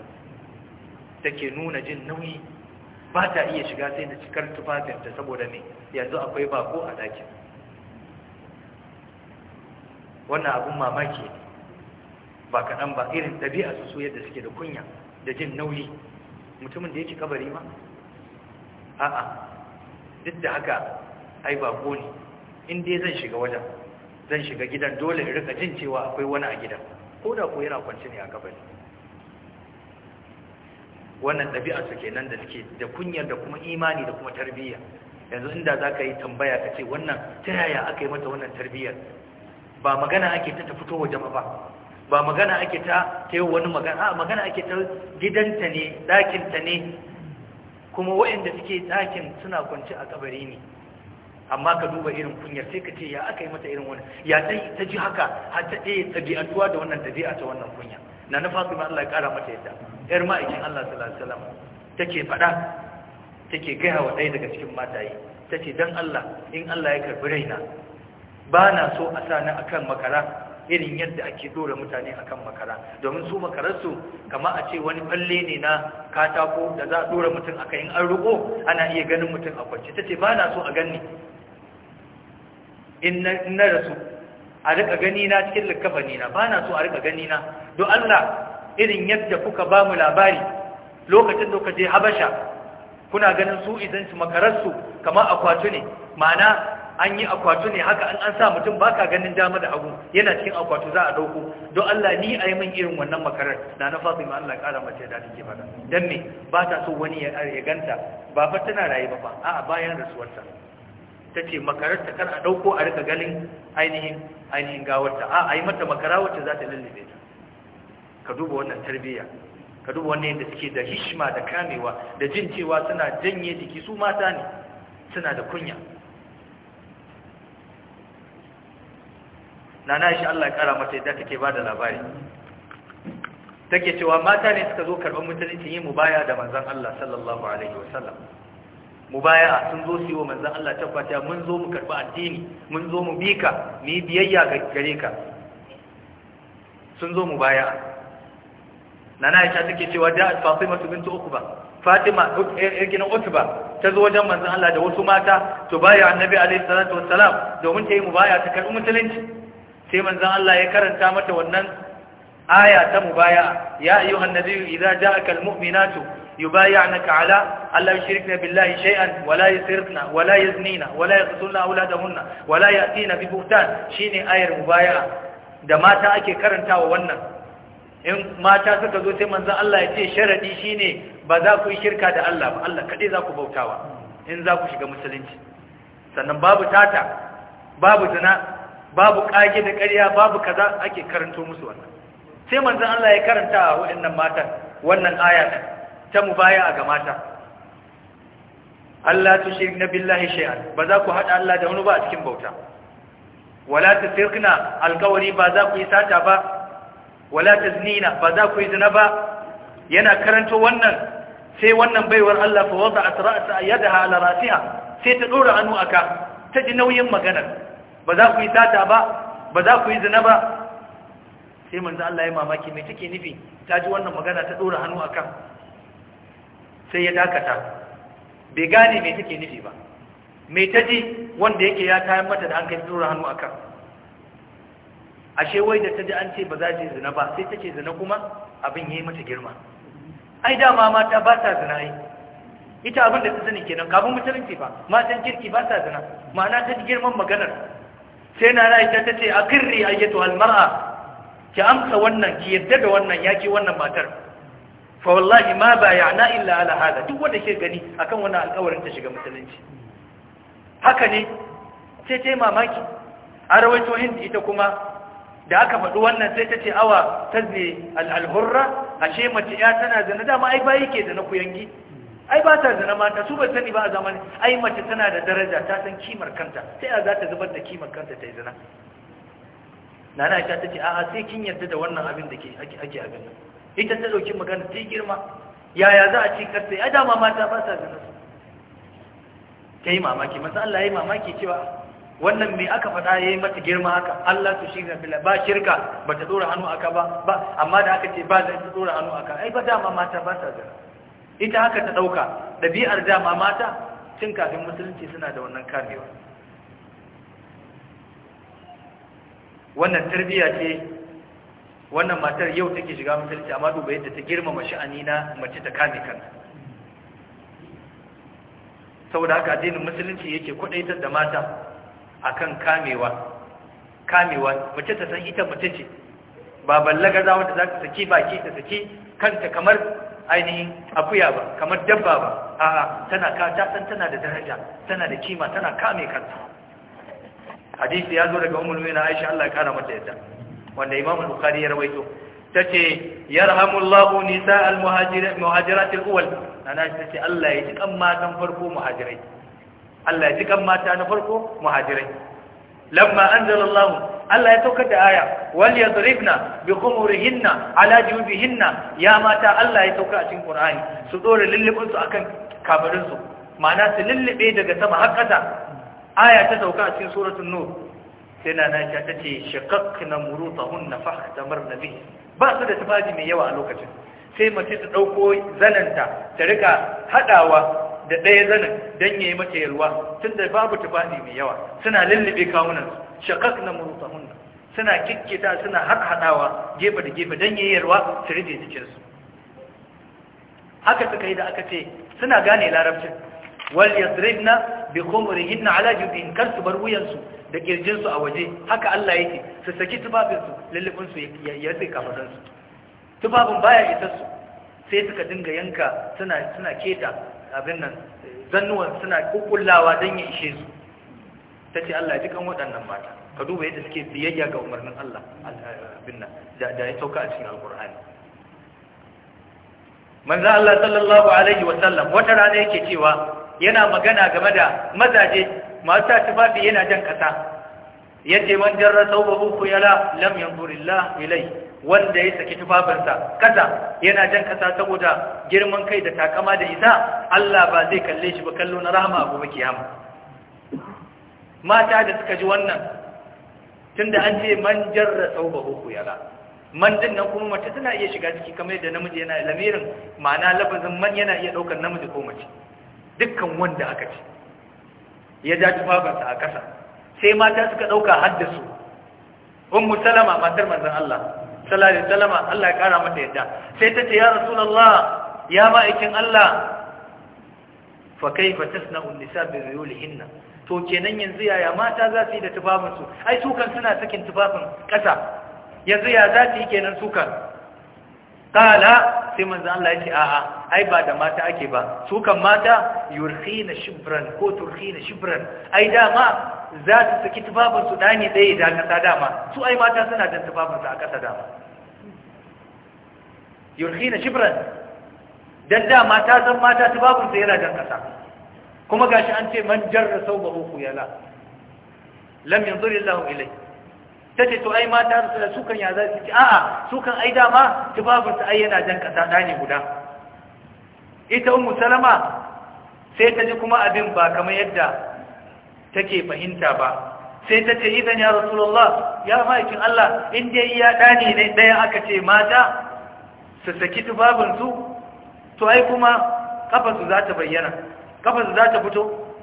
take nuna jin nauyi ba ta iya shiga sai da cikar tufafinta saboda mai yanzu akwai bako a ɗakin wannan abin mamaki ba kaɗan ba irin ɗabi'a su su yadda suke da kunya da jin nauyi mutumin da yake kabari ma a'a duk da haka ai ba goni in dai zan shiga wajen zan shiga gidan dole in rika jin cewa akwai wani a gidan ko da ko yana kwanci ne a kabari wannan ɗabi'a su kenan da suke da kunyar da kuma imani da kuma tarbiyya yanzu inda za ka yi tambaya ka ce wannan ta yaya aka yi mata wannan tarbiyyar ba magana ake ta fito waje ba ba magana ake ta ta yi wani magana a magana ake ta gidanta ne ɗakinta ne kuma waɗanda suke ɗakin suna kwanci a kabari ne amma ka duba irin kunyar sai ka ce ya aka yi mata irin wani ya ta ji haka har ta ɗaya ɗabi'atuwa da wannan ɗabi'a ta wannan kunya na na fasu Allah ya ƙara mata yadda ‘yar ma'aikin Allah sallallahu alaihi wasallam take faɗa take gaya wa ɗaya daga cikin mataye ta ce don Allah in Allah ya karɓi raina ba na so a sani akan makara irin yadda ake dora mutane akan makara domin su makararsu kama a ce wani falle ne na katako da za a dora mutum aka yin an ruko ana iya ganin mutum a kwance ta ce ba na so a ganni in na rasu a rika gani na cikin likafa na ba na so a rika gani na don Allah irin yadda kuka ba mu labari lokacin da kuka je Habasha kuna ganin su idan su makararsu kama akwatu ne ma'ana an yi akwatu ne haka an sa mutum baka ganin dama da abu. yana cikin akwatu za a dauko don Allah ni a yi min irin wannan makarar na na fasu ma Allah kara mace da take fada don me ba ta so wani ya ganta ba fa tana rayu ba ba a bayan rasuwarta ta ce makarar ta kar a dauko a rika ganin ainihin ainihin gawarta a a yi mata makara wacce za ta lullube ta ka duba wannan tarbiyya ka duba wannan yadda suke da hishma da kamewa da jin cewa suna janye jiki su mata ne suna da kunya na na shi Allah ya kara mata yadda take ba da labari take cewa mata ne suka zo karɓar musulunci yi mubaya da manzon Allah sallallahu alaihi wasallam mubaya sun zo su yi wa manzon Allah tabbata mun zo mu karɓi addini mun zo mu bika mu yi biyayya ga gare ka sun zo mubaya nana shi take cewa da Fatima bintu Uqba Fatima ɗin eh, eh, gidan Uqba ta zo wajen manzon Allah da wasu mata to baya annabi alaihi salatu wassalam domin ta yi mubaya ta karɓi musulunci sai manzon Allah ya karanta mata wannan aya ta mubaya ya ayyuhan nabiyyu idza ja'aka almu'minatu yubay'unaka ala alla yushrikna billahi shay'an wala yusrikna wala yaznina wala yaqtulna auladahunna wala ya'tina bi buhtan shine ayar mubaya da mata ake karantawa wannan in mata suka zo sai manzon Allah ya ce sharadi shine ba za ku yi shirka da Allah ba Allah kade za ku bautawa in za ku shiga musulunci sannan babu tata babu zina babu kage da ƙarya babu kaza ake karanto musu wannan sai manzon Allah ya karanta a waɗannan matan wannan aya ta mubaya'a ga mata Allah na billahi shay'an ba za ku hada Allah da wani ba a cikin bauta wala tusrikna alqawri ba za ku yi sata ba wala taznina ba za ku yi zina ba yana karanto wannan sai wannan baiwar Allah fa wada atra'ata yadaha ala rasiha sai ta dora hannu aka ta ji nauyin maganar ba za ku yi sata ba ba za ku yi zina ba sai manzo Allah ya mamaki me take nufi ta ji wannan magana ta dora hannu akan sai ya dakata bai gane me take nufi ba me ta ji wanda yake ya tayar mata da hankali dora hannu akan ashe wai da ta ji an ce ba za ta yi zina ba sai take zina kuma abin yayi mata girma ai dama mata ba ta zina ai ita abin da ta sani kenan kafin mutunci ba matan kirki ba ta zina ma'ana ta girman maganar sai na Aisha ta ce a akirri ayyatu almar'a ki amsa wannan ki yadda da wannan yaki wannan matar fa wallahi ma na illa ala hada duk wanda ke gani akan wannan alƙawarin ta shiga musulunci haka ne sai ta mamaki a rawaito hindi ita kuma da aka faɗi wannan sai ta ce awa ta zai al'alhurra ashe mace ya tana zana dama ai bayi ke da na kuyangi ai ba ta zina mata su bai sani ba a zamanin. ai mace tana da daraja ta san kimar kanta sai a za ta zubar da kimar kanta ta yi zina nana ita ta ce a'a sai kin yarda da wannan abin da ke ake abin nan ita ta dauki magana ta girma yaya za a ce karta ya dama mata ba sa zina ta yi mamaki masu Allah ya yi mamaki cewa wannan mai aka faɗa ya yi mata girma haka Allah su shi zafila ba shirka ba ta ɗora hannu aka ba amma da aka ce ba da ta ɗora hannu aka ai ba dama mata ba sa zina ita haka ta ɗauka ɗabi'ar dama mata tun kafin musulunci suna da wannan kamewa wannan tarbiyya ce wannan matar yau take shiga musulunci amma duba yadda ta girmama sha'ani na mace ta kame kanta saboda haka addinin musulunci yake kwadaitar da mata akan kamewa kamewa mace ta san ita mace ce ba ballaga za wata za ta saki baki ta saki kanta kamar ainihin akuya ba kamar dabba ba a'a tana ka ta san tana da daraja tana da kima tana kame kanta hadisi ya zo daga ummul mu'minin Aisha Allah ya kara mata yadda wanda Imam Al-Bukari ya rawaito tace yarhamullahu nisa muhajirat muhajirat al-awwal ana tace Allah ya ji kan matan farko muhajirai Allah ya ji kan mata na farko muhajirai lamma anzala Allah Allah ya saukar da aya wal yadribna bi khumurihinna ala jubihinna ya mata Allah ya sauka a cikin Qur'ani su dore lullubin su akan kabarin su ma'ana su lullube daga sama har aya ta sauka a cikin suratul nur sai na na ta ce shaqqaqna murutahunna fahtamarna bihi ba su da tufafi mai yawa a lokacin sai mace ta dauko zananta ta rika hadawa da ɗaya zanen, don ya yi mata yalwa tun da babu tufaɗi mai yawa suna lullube kawunan shakak na hunna suna kikkita suna haɗawa gefe da gefe don ya yi yalwa su rije jikinsu haka suka yi da aka ce suna gane larabcin wal yasribna bi khumurihinna ala jubin kar su bar wuyansu da kirjinsu a waje haka Allah yake su saki tufafinsu lullubinsu ya tsika fasansu tufafin baya isarsu sai suka dinga yanka suna keta abin nan zannuwan suna kukullawa don ya ishe su ta ce Allah jikan waɗannan mata ka duba yadda suke biyayya ga umarnin Allah abin nan da ya sauka a cikin alkur'ani manzan Allah sallallahu alaihi wasallam wata rana yake cewa yana magana game da mazaje masu sa tufafi yana jan ƙasa yadda man jarra ba hukuyala lam yanzurillah ilai wanda ya saki tufafinsa kasa yana jan kasa saboda girman kai da takama da isa Allah ba zai kalle shi ba kallo na rahama gobe kiyama mata da suka ji wannan tunda an ce man jarra saubahu yara, man din nan kuma mace tana iya shiga ciki kamar yadda namiji yana lamirin ma'ana lafazin man yana iya ɗaukar namiji ko mace dukkan wanda aka ce ya ja tufafinsa a kasa sai mata suka ɗauka haddasu ummu salama matar manzon Allah sallallahu alaihi Allah ya kara mata yadda sai ta ce ya rasulullah ya ma'aikin Allah fa kaifa tasna'u an-nisa bi ruyulihinna to kenan yanzu yaya mata za su yi da tufafin su ai sukan suna sakin tufafin kasa yanzu ya za su yi kenan sukan. kala sai manzan Allah ya ce a'a ai ba da mata ake ba su kan mata yurkhina shibran ko turkhina shibran ai dama za su saki tufafin su ɗaya da kasa dama su ai mata suna jan tufafin su a kasa dama yurkhina shibran dan da mata zan mata tufafin su yana dan kasa kuma gashi an ce man jarra sawbahu khuyala lam yanzur illahu ilai ta ce to ai mata rasu su kan ya za su ci a'a su kan ai dama tubabin su ai yana jan kasa ɗani guda ita ummu salama sai ta ji kuma abin ba kamar yadda take fahimta ba sai ta ce idan ya rasulullah ya ma'aikin Allah in dai ya ɗani ne daya aka ce mata su saki tubabin su to ai kuma kafa su za ta bayyana kafa su za ta fito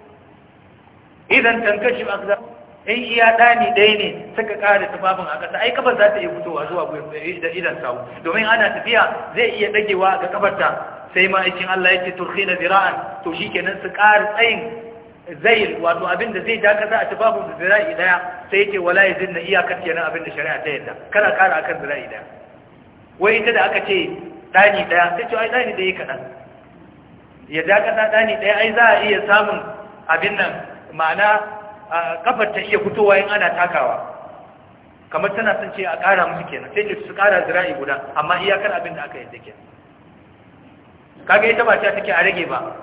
idan tankashi akzar in iya ɗani ɗaya ne suka ƙara tufafin a ƙasa ai kafar za ta iya fitowa zuwa eh, da idan sau domin ana tafiya zai iya ɗagewa ga kafarta sai ma aikin Allah yake turki na zira'an to shi kenan su ƙara tsayin zayil wato abin da zai dakata a tufafin da zira'i ɗaya sai yake wala ya zinna iyakar kenan abin da shari'a ta yadda kana ƙara akan zira'i ɗaya wai ita da aka ce ɗani ɗaya sai ce ai ɗani ɗaya kaɗan ya dakata ɗani ɗaya ai za a iya samun abin nan ma'ana kafar ta iya fitowa in ana takawa kamar tana son ce a ƙara musu kenan sai su ƙara zira'i guda amma iyakar abin da aka yadda kenan kaga ita ba ta take a rage ba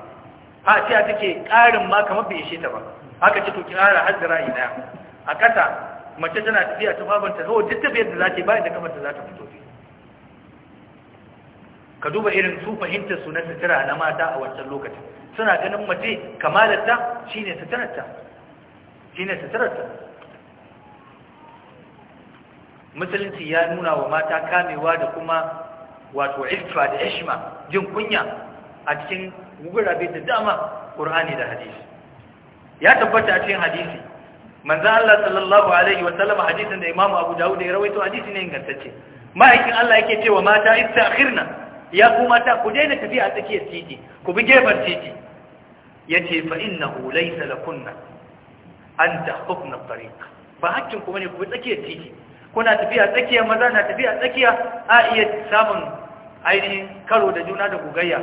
a ce take ƙarin ma kamar bai ishe ta ba haka ce to ƙara har zira'i daya a ƙasa mace tana tafiya ta babanta oh, zo duk tafiyar da za ta yi bayan da kamar ta za ta fito ka duba irin su fahimtar su na sutura na mata a wancan lokacin suna ganin mace kamalarta shine suturarta ne suturarta musulunci ya nuna wa mata kamewa da kuma wato ifa da ishma jin kunya a cikin gurabe da dama ƙurani da hadisi ya tabbata a cikin hadisi manzo Allah sallallahu alaihi wa sallam hadisin da Imam Abu Dawud ya rawaito hadisi ne ingantacce ma'aikin Allah yake cewa mata istakhirna ya ku mata ku daina tafiya a tsakiyar titi ku bi gefen titi yace fa innahu laysa lakunna an tahfufna tariq ba hakkin kuma ne ku tsakiyar titi kuna tafiya tsakiya maza na tafiya tsakiya a iya samun ainihin karo da juna da gugayya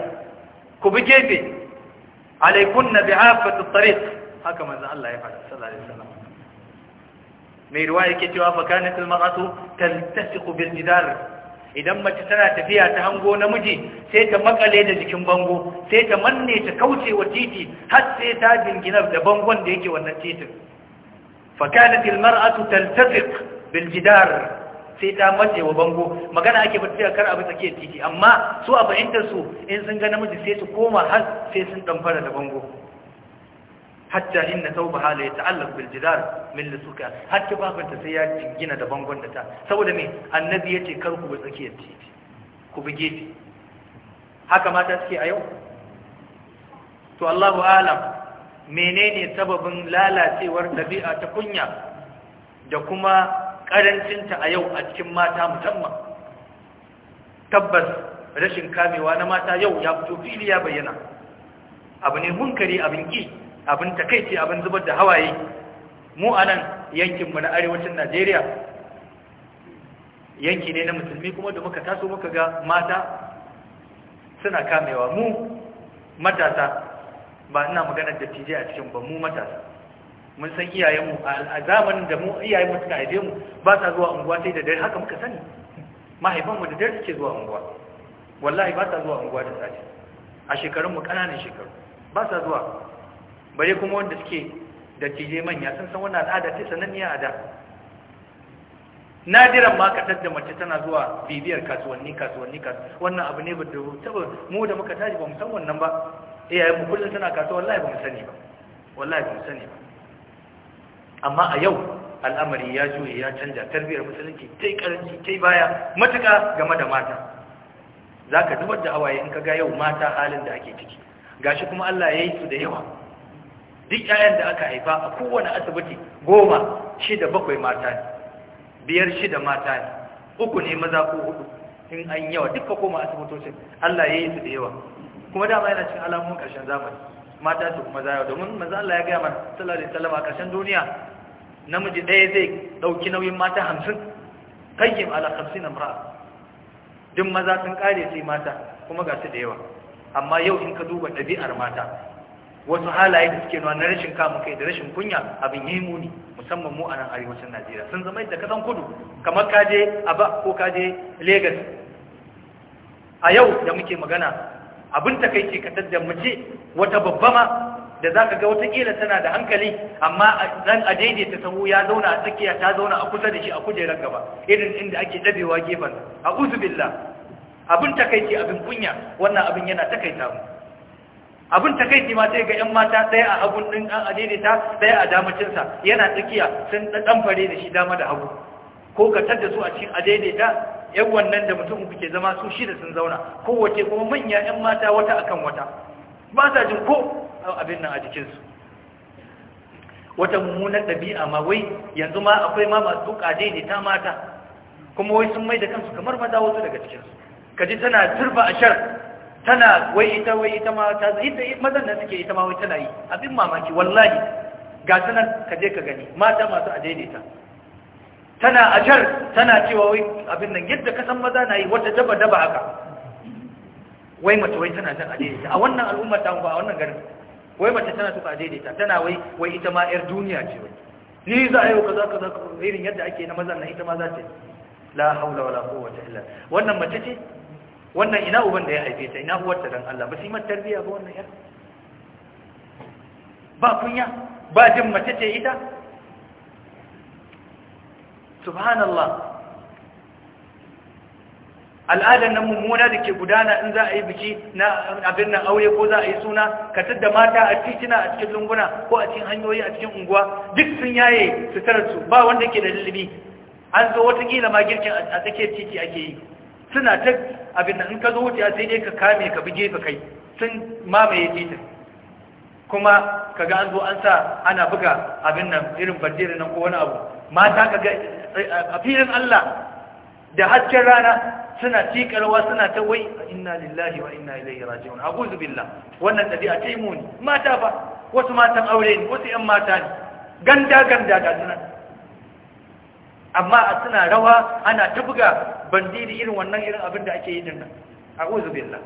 ku bi gefe alaikunna bi'afatu tariq haka manzo Allah ya faɗa sallallahu alaihi wasallam mai riwaya yake cewa fa kanat al-mar'atu taltasiqu bil jidar idan mace tana tafiya ta hango namiji sai ta makale da jikin bango sai ta manne ta kauce wa titi har sai ta jingina da bangon da yake wannan titin fa kanat al mar'atu taltafiq bil jidar sai ta mace wa bango magana ake bata kar abu take titi amma su a fahimtar su in sun ga namiji sai su koma har sai sun damfara da bango hatta inna thawbaha la yata'allaq bil jidar min lusuka hatta babanta sai ya jingina da bangon da ta saboda me annabi yace kar ku bi gefe haka mata suke a yau to Allahu alam menene sababin lalacewar dabi'a ta kunya da kuma karancinta a yau a cikin mata musamman tabbas rashin kamewa na mata yau ya fito fili ya bayyana abu ne munkari abin ki abin takaici abin zubar da hawaye mu a nan yankinmu na arewacin najeriya yanki ne na musulmi kuma da muka taso muka ga mata suna kamewa mu matasa ba ina maganar da tije a cikin ba mu matasa mun san iyayenmu a zamanin da mu iyayenmu suka haife mu ba sa zuwa unguwa sai da dare haka muka sani mahaifanmu da dare suke zuwa unguwa wallahi ba sa zuwa unguwa da sace a shekarunmu ƙananan shekaru ba sa zuwa bare kuma wanda suke da cije manya sun san wannan al'ada ce sananniya a da nadiran ma ka tadda mace tana zuwa bibiyar kasuwanni kasuwanni wannan abu ne bada tabo mu da muka tashi ba mu san wannan ba iyayen mu kullum tana kasuwa wallahi ba mu sani ba wallahi ba mu sani ba amma a yau al'amari ya juye ya canja tarbiyar musulunci tai karanci tai baya matuka game da mata zaka dubar da awaye in ka ga yau mata halin da ake ciki gashi kuma Allah ya yi su da yawa duk ƴaƴan da aka haifa a kowane asibiti goma shida bakwai mata ne biyar shida mata ne uku ne maza ko hudu in an yawa duka koma asibitocin Allah ya yi su da yawa kuma dama yana cin alamun ƙarshen zamani mata su kuma zayawa domin maza Allah ya gaya mana sallallahu alaihi wasallam a ƙarshen duniya namiji ɗaya zai ɗauki nauyin mata hamsin kayyim ala hamsin amra duk maza sun ƙare sai mata kuma ga su da yawa amma yau in ka duba ɗabi'ar mata wasu halaye da suke nuna na rashin kama kai da rashin kunya abin yi muni musamman mu a nan arewacin Najeriya sun zama da kasan kudu kamar kaje Aba ko kaje Lagos a yau da muke magana abin takeici ka tadda mace wata babba ma da zaka ga wata kila tana da hankali amma dan a ta sahu ya zauna a tsakiya ta zauna a kusa da shi a kujerar gaba irin inda ake dabewa gefen a'udhu billah abin takaici abin kunya wannan abin yana takaita mu abin ta kai ma sai ga yan mata ɗaya a hagun ɗin an adaidaita ɗaya a damacinsa yana tsakiya sun ɗanfare fare da shi dama da hagu ko ka tadda su a cikin adaidaita yan wannan da mutum kuke zama su shida sun zauna kowace kuma manya yan mata wata akan wata ba sa jin ko abin nan a jikinsu wata mummunar ɗabi'a ma wai yanzu ma akwai ma masu duka daidaita mata kuma wai sun mai da kansu kamar maza wasu daga cikinsu ka ji tana turba a tana wai ita wai ita ma ta zai ita mazan da suke ita ma wai tana yi abin mamaki wallahi ga ta ka je ka gani mata masu a daidaita tana jar tana cewa wai abin nan yadda ka san maza na yi wata daba daba haka wai mace wai tana jan a daidaita a wannan al'ummar ta ba a wannan garin wai mace tana tuka a daidaita tana wai wai ita ma yar duniya ce wai ni za a yi kaza kaza irin yadda ake na mazan na ita ma za ta la haula wala quwwata illa wannan mace ce wannan ina uban da ya haife ta ina uwarta dan Allah ba su yi mata tarbiya ba wannan yar ba kunya ba jin mace ce ita subhanallah al'adar nan mummuna da ke gudana in za a yi biki na abin nan aure ko za a yi suna ka tadda mata a titina a cikin lunguna ko a cikin hanyoyi a cikin unguwa duk sun yaye sutararsu ba wanda ke da lullubi an zo watakila ma girkin a tsakiyar titi ake yi suna ta abin da in ka zo wuce sai dai ka kame ka bi gefe kai sun mamaye titin kuma ka ga an zo an sa ana buga abin nan irin bandera nan ko wani abu mata ka ga a filin Allah da hasken rana suna tikarwa suna ta wai inna lillahi wa inna ilaihi raji'un a'udhu billah wannan dabi'a ta muni mata ba wasu matan aure ne wasu yan mata ne ganda ganda ga sunan. amma a suna rawa ana ta buga da irin wannan irin abin da ake yi din nan a'udhu billah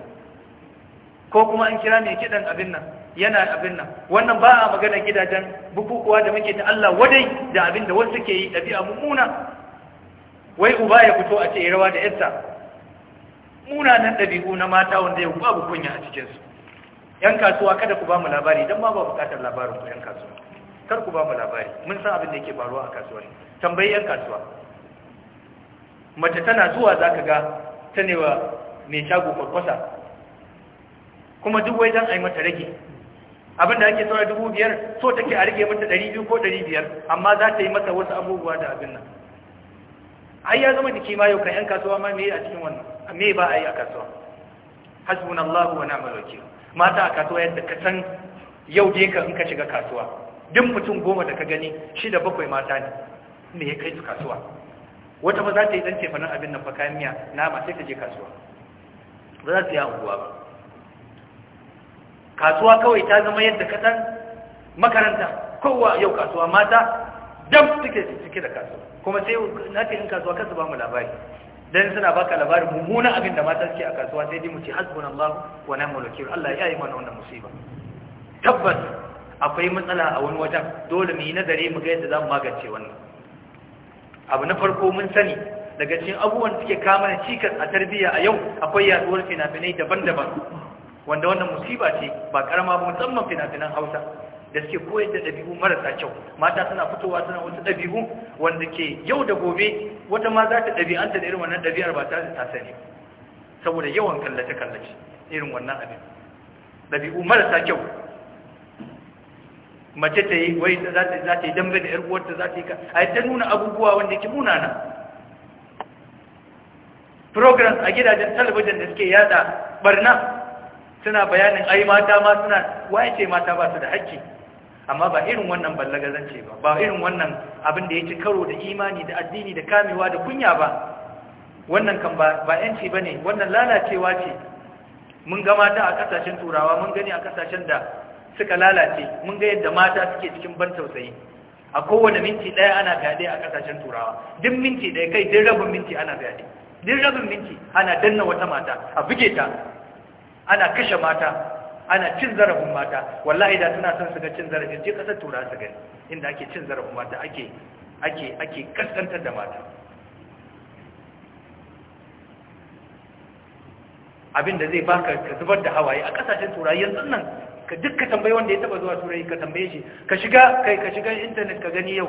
ko kuma an kira mai kidan abin nan yana abin nan wannan ba a magana gidajen bukukuwa da muke ta Allah wadai da abin da wasu ke yi dabi'a mummuna wai uba ya fito a ce rawa da yarsa munanan ɗabi'u na mata wanda yau babu kunya a cikin su yan kasuwa kada ku ba mu labari dan ba ba bukatar labarin ku yan kasuwa kar ku ba mu labari mun san abin da yake faruwa a kasuwa tambayi yan kasuwa mace tana zuwa ka ga ta newa mai shago kwakwasa kuma duk wai dan yi mata rage abin da ake saura dubu biyar so take a rage mata ɗari biyu ko ɗari biyar amma za ta yi mata wasu abubuwa da abin nan ai ya zama jiki ma yau kan yan kasuwa ma me a cikin wannan me ba a yi a kasuwa hasbunallahu wa ni'mal wakeel mata a kasuwa yadda ka san yau dai ka in ka shiga kasuwa duk mutum goma da ka gani shida bakwai mata ne ne ya kai su kasuwa wata ba za ta yi dan cefanin abin nan fa kayan miya nama sai ta je kasuwa ba za ta yi anguwa ba kasuwa kawai ta zama yadda ka san makaranta kowa yau kasuwa mata dam suke suke da kasuwa kuma sai na ce in kasuwa kasu ba mu labari dan suna baka labarin mummunan abin da mata suke a kasuwa sai dai mu ce hasbunallahu wa ni'mal wakeel Allah ya yi mana wannan musiba tabbas akwai matsala a wani wajen dole mu yi nazari mu ga yadda za mu magance wannan abu na farko mun sani daga cikin abubuwan suke kama da cikas a tarbiyya a yau akwai yaduwar fina-finai daban-daban wanda wannan musiba ce ba karama ba musamman fina-finan hausa da suke koyar da ɗabi'u marasa kyau mata suna fitowa suna wasu ɗabi'u wanda ke yau da gobe wata ma za ta ɗabi'anta da irin wannan ɗabi'ar ba ta ta sani saboda yawan kallace-kallace irin wannan abin ɗabi'u marasa kyau mace ta yi wai za ta za ta yi dambe da yar za ta yi ka a ta nuna abubuwa wanda ke munana program a gidajen talabijin da suke yada barna suna bayanin ai mata ma suna waye ce mata ba su da haƙƙi amma ba irin wannan ballagazance ba ba irin wannan abin da ya ci karo da imani da addini da kamewa da kunya ba wannan kan ba yanci ba ne wannan lalacewa ce mun ga mata a kasashen turawa mun gani a kasashen da suka lalace mun ga yadda mata suke cikin ban tausayi a kowane minti ɗaya ana fyaɗe a ƙasashen turawa duk minti ɗaya kai duk rabin minti ana fyaɗe duk rabin minti ana danna wata mata a buge ta ana kashe mata ana cin zarafin mata wallahi da suna son su ga cin zarafin je ƙasar turawa su gani inda ake cin zarafin mata ake ake ake kaskantar da mata abin da zai baka ka zubar da hawaye a ƙasashen turawa yanzu nan ka duk ka tambayi wanda ya taba zuwa turai ka tambaye shi ka shiga kai ka shiga intanet ka gani yau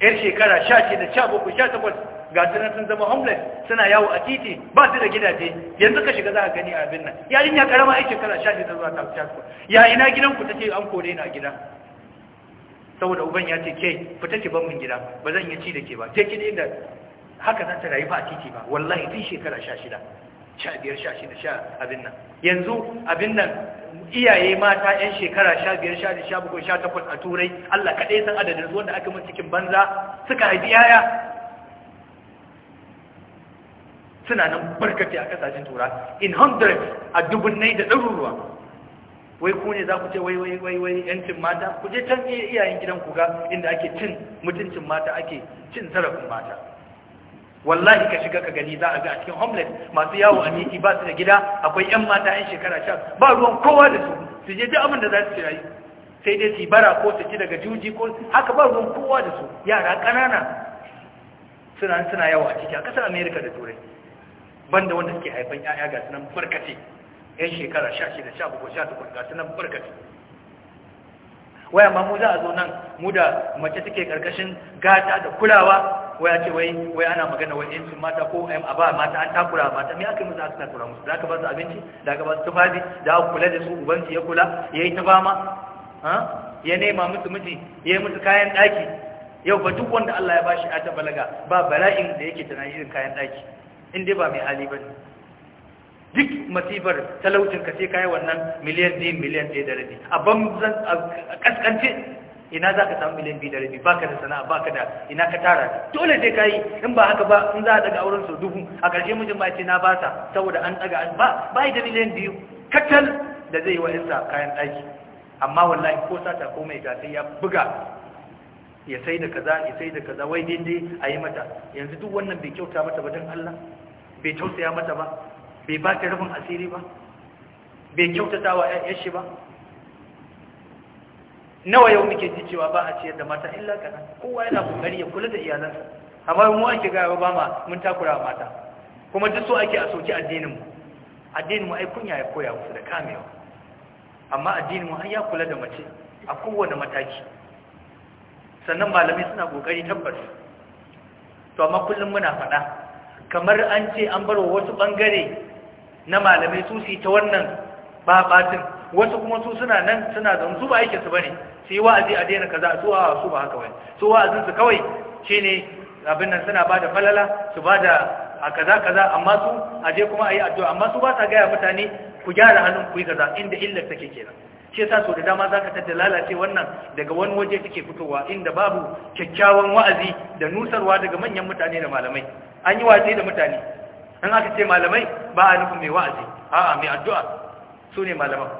yar shekara sha ce da sha sha takwas ga tunan sun zama homeless suna yawo a titi ba su da gidaje yanzu ka shiga za ka gani a abin nan yarin ya karama ai shekara sha da zuwa ta ya ina gidan ta ce an kore na gida saboda uban ya ce ke fita ki ban mun gida ba zan iya ci da ke ba ke ki inda haka za ta rayu ba a titi ba wallahi tun shekara sha shida sha biyar sha shida sha abin nan yanzu abin nan iyaye mata 'yan shekara sha biyar sha da sha bakwai sha takwas a turai Allah kaɗai san adadin ruwan da aka mun cikin banza suka haifi yaya suna nan barkati a kasashen tura in hundred a dubunnai da ɗaruruwa wai ku ne za ku ce wai wai wai wai yancin mata ku je can iyayen gidan ku ga inda ake cin mutuncin mata ake cin zarafin mata wallahi ka shiga ka gani za a ga a cikin homeless masu yawo a niki ba su da gida akwai yan mata yan shekara sha ba ruwan kowa da su su je abin da za su rayu sai dai su bara ko su ci daga juji ko haka ba ruwan kowa da su yara ƙanana suna suna yawo a ciki a ƙasar america da turai banda wanda suke haifan yaya ga sunan barkace yan shekara sha shida sha bakwai sha takwas ga sunan barkace waya ma mu za a zo nan mu da mace take karkashin gata da kulawa ko ya ce wai wai ana magana wai yancin mata ko a ba mata an takura mata me aka yi musu aka takura musu da aka ba su abinci da aka ba su tufafi da aka kula da su ubanci ya kula ya yi ta ha ya nema musu miji ya yi musu kayan ɗaki yau ba duk wanda Allah ya bashi ta balaga ba bala'in da yake tana irin kayan ɗaki in dai ba mai hali ba duk masifar talaucin ka sai kai wannan miliyan din miliyan ɗaya da rabi a ban a kaskance ina za ka samu miliyan biyu da rabi Ba ka da sana'a ba ka da ina ka tara dole sai ka yi in ba haka ba in za a daga auren sau dubu a ƙarshe mijin ba ce na ba sa, saboda an daga ba ba yi da miliyan biyu katal da zai yi wa'insa kayan ɗaki amma wallahi ko sata ko mai gasai ya buga ya sai da kaza ya sai da kaza wai daidai a yi mata yanzu duk wannan bai kyauta mata ba Allah bai tausaya mata ba bai ba ta rufin asiri ba bai kyautata wa 'ya'yan shi ba nawa yau muke ji cewa ba a ciyar da mata illa kana kowa yana kokari ya kula da iyalansa amma mu ake ga ba ma mun takura mata kuma duk so ake a soki addinin mu addinin mu ai kunya ya koya musu da kamewa amma addinin mu an ya kula da mace a kowane mataki sannan malamai suna kokari tabbas to amma kullum muna faɗa kamar an ce an bar wa wasu bangare na malamai su su ta wannan babatin wasu kuma su suna nan suna zama su ba aikin su bane su yi wa'azi a daina kaza su a su ba haka bane su wa'azin su kawai shine abin nan suna bada falala su bada a kaza kaza amma su a je kuma a yi addu'a amma su ba sa gaya mutane ku gyara hannun ku yi kaza inda illar take kenan shi yasa so da dama zaka tada lalace wannan daga wani waje take fitowa inda babu kyakkyawan wa'azi da nusarwa daga manyan mutane da malamai an yi wa'azi da mutane an aka ce malamai ba a nufin mai wa'azi a'a mai addu'a su ne malaman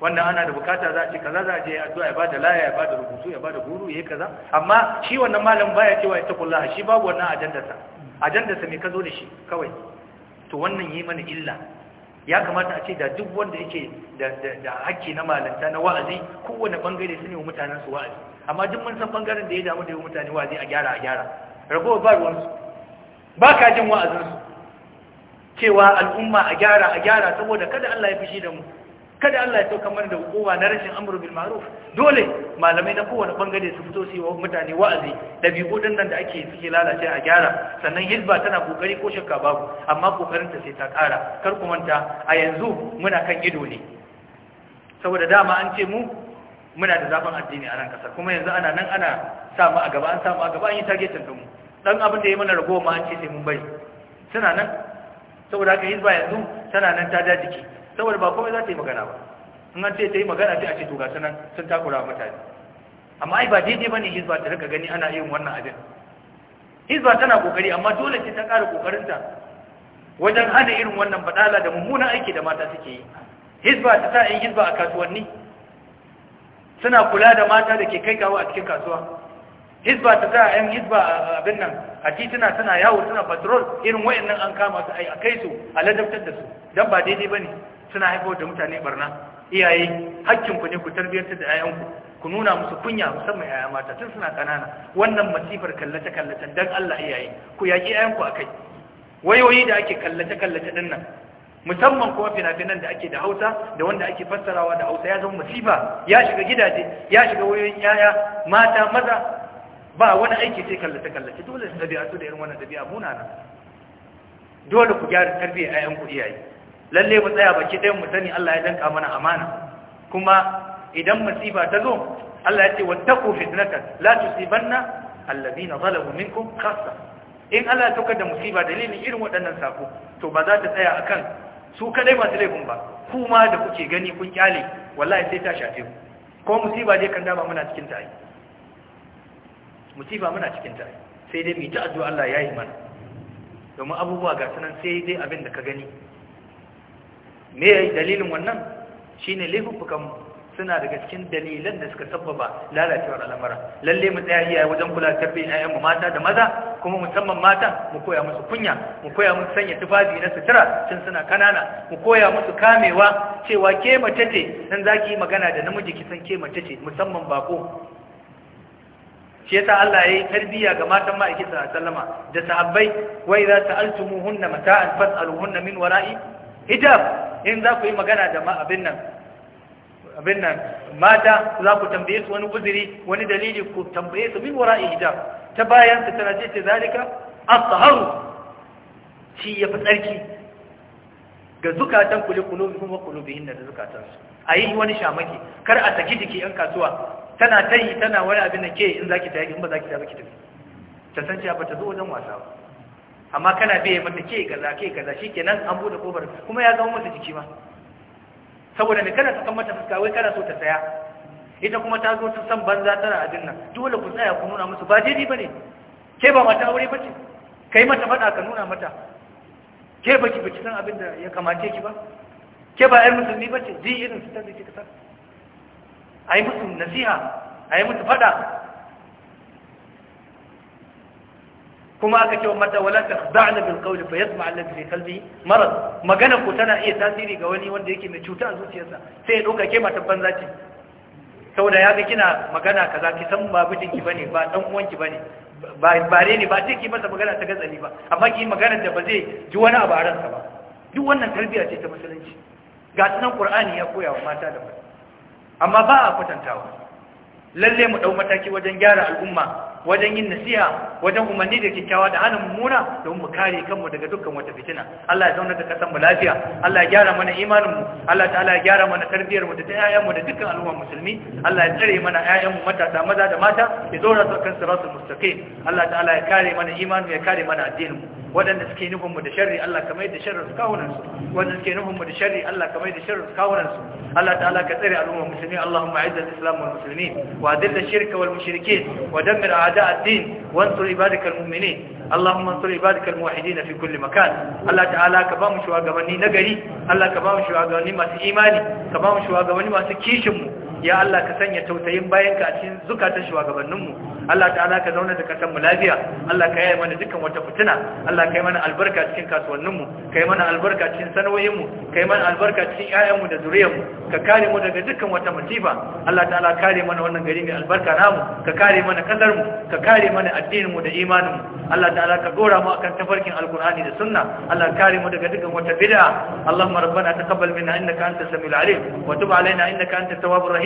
wannan ana da bukata za a ce kaza za a je ya addu'a ya ba da laya ya ba da rubutu ya ba da guru yi kaza amma shi wannan malam baya cewa ita kullaha shi babu wannan ajandarsa ajandarsa me ka zo da shi kawai to wannan yi mana illa ya kamata a ce da duk wanda yake da da hakki na malanta na wa'azi kowane bangare su ne mutanen su wa'azi amma duk mun san bangaren da ya damu da yi mutane wa'azi a gyara a gyara ragowar ba ruwansu ba ka jin wa'azinsu cewa al'umma a gyara a gyara saboda kada Allah ya fishi da mu kada Allah ya sauka mana da hukuma na rashin amru bil ma'ruf dole malamai na kowane bangare su fito su yi wa mutane wa'azi dabi'u din nan da ake suke lalace a gyara sannan hizba tana kokari ko shakka babu amma kokarin ta sai ta kara kar ku manta a yanzu muna kan ido ne saboda dama an ce mu muna da zafin addini a nan kasar kuma yanzu ana nan ana samu a gaba an samu a gaba an yi targetin mu dan abin da ya mana ragowa ma an ce sai mun bari suna nan saboda haka hizba yanzu tana nan ta jiki. saboda ba kuma za ta yi magana ba in an ce ta yi magana sai a ce tuga sanan sun takura mutane amma ai ba daidai bane hizba ta rika gani ana yin wannan abin hizba tana kokari amma dole ce ta ƙara kokarinta wajen hana irin wannan badala da mummunan aiki da mata suke yi hizba ta sa yin hizba a kasuwanni suna kula da mata da ke kai kawo a cikin kasuwa hizba ta sa yin hizba a abin nan a tituna suna yawo suna patrol irin wayannan an kama su ai a kai su a ladabtar da su dan ba daidai bane suna haifar da mutane barna iyaye hakkinku ne ku tarbiyyantar da 'ya'yanku ku nuna musu kunya musamman 'ya'ya mata tun suna ƙanana wannan masifar kallace kallace dan Allah iyaye ku yaƙi 'ya'yanku akai wayoyi da ake kallace kallace din nan musamman kuma fina-finan da ake da Hausa da wanda ake fassarawa da Hausa ya zama masifa ya shiga gidaje ya shiga wayoyin 'ya'ya mata maza ba wani aiki sai kallace kallace dole su su da irin wannan dabi'a munana dole ku gyara tarbiyyar 'ya'yanku iyaye lalle mu tsaya baki dai mu sani Allah ya danka mana amana kuma idan musiba ta zo Allah ya ce wattaqu fitnatan la tusibanna alladhina zalamu minkum khassa in Allah ya tauka da musiba dalilin irin waɗannan sako to ba za ta tsaya akan su kadai masu laifin ba kuma da kuke gani kun kyale wallahi sai ta shafe ku ko musiba dai kan dama muna cikin ta ai musiba muna cikin ta sai dai mu ta addu'a Allah ya yi mana domin abubuwa ga sanan sai dai abin da ka gani me yayi dalilin wannan shine laifukan suna daga cikin dalilan da suka sabbaba lalacewar al'amara lalle mu tsaya iyaye wajen kula da tarbiyyar ƴaƴanmu mata da maza kuma musamman mata mu koya musu kunya mu koya musu sanya tufafi na sutura tun suna kanana mu koya musu kamewa cewa ke mace ce dan zaki yi magana da namiji ki san ke mace ce musamman bako shi yasa Allah ya yi tarbiyya ga matan ma'aikata sallama da sahabbai wa idza ta'altumuhunna mata'an fas'aluhunna min wara'i hijab in za ku yi magana da abin nan abin nan mata za ku tambaye su wani uzuri wani dalili ku tambaye su min wara'i hijab ta bayan ta tana ce zalika at-taharu shi ya fi tsarki ga zukatan kuli qulubi wa qulubihin da zukatan su ayi wani shamaki kar a saki jiki yan kasuwa tana tayi tana wani abin da ke in zaki ta yi in ba zaki ta ba ki tafi ta san cewa ba ta zo wajen wasa ba amma kana biya mata ke gaza ke gaza, ke nan an buɗe kofar kuma ya zama mata jiki ma saboda me kana sakan mata fuska wai kana so ta saya ita kuma ta zo ta san banza tana a dinnan dole ku tsaya ku nuna musu ba daidai ne? ke ba mata aure ce kai mata faɗa ka nuna mata ke baki baki san abin da ya kamace ki ba ke ba ƴar musulmi ce ji irin su ta zai ki kasar ai musu nasiha ai musu faɗa. kuma aka ce mata wala da'na bil qawli fa yasma alladhi fi qalbi marad magana ku tana iya tasiri ga wani wanda yake mai cuta a zuciyarsa sai ya dauka ke mata banza ce saboda ya kina magana kaza ki san ba bijin ki bane ba dan uwan ki bane ba bare ne ba ce ki masa magana ta gazali ba amma ki magana da ba zai ji wani abu a ransa ba duk wannan tarbiya ce ta musulunci ga sunan qur'ani ya koya wa mata da mata amma ba a kwatantawa lalle mu dau mataki wajen gyara al'umma wajen yin nasiha wajen umarni da kyakkyawa da hannun mummuna domin mu kare kanmu daga dukkan wata fitina Allah ya zauna da kasan mu lafiya Allah ya gyara mana imanin Allah ta'ala ya gyara mana tarbiyar mu da ƴaƴan mu da dukkan al'umma musulmi Allah ya tsare mana ƴaƴan mu matasa maza da mata ya zauna su kan siratul mustaqim Allah ta'ala ya kare mana imanin ya kare mana addinin mu suke nufin mu da sharri Allah ka su kawo nan su. waɗanda suke nufin mu da sharri Allah ka su kawo nan su. Allah ta'ala ka tsare al'umma musulmi Allahumma izzil islam wal muslimin wa adilla shirka wal mushrikeen wa dammir أعداء الدين وانصر عبادك المؤمنين اللهم انصر عبادك الموحدين في كل مكان الله تعالى كبام شواغبني نغري الله كبام شواغبني ما إيماني كبام شواغبني ما سكيشمو ya Allah ka sanya tausayin bayanka a cikin zukatan shugabanninmu Allah ta'ala ka zauna da kasan mu lafiya Allah ka yaya mana dukkan wata fitina Allah ka yi mana albarka cikin kasuwanninmu ka yi mana albarka cikin sanoyinmu ka yi mana albarka cikin ƴaƴanmu da zuriyarmu ka kare mu daga dukkan wata musiba Allah ta'ala kare mana wannan gari mai albarka namu ka kare mana kasar mu ka kare mana addinin mu da imanin mu Allah ta'ala ka dora mu akan tafarkin alkur'ani da sunna Allah kare mu daga dukkan wata bid'a Allahumma rabbana taqabbal minna innaka antas samiul alim wa tub alaina innaka antat tawwabur rahim